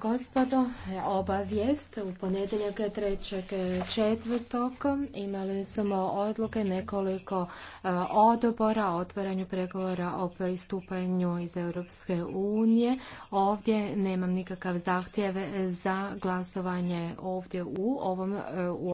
gospodo, obavijest u ponedjeljak 3. četvrtog imali smo odluke nekoliko e, odobora o otvaranju pregovora o pristupanju iz Europske unije. Ovdje nemam nikakav zahtjev za glasovanje ovdje u ovom e, u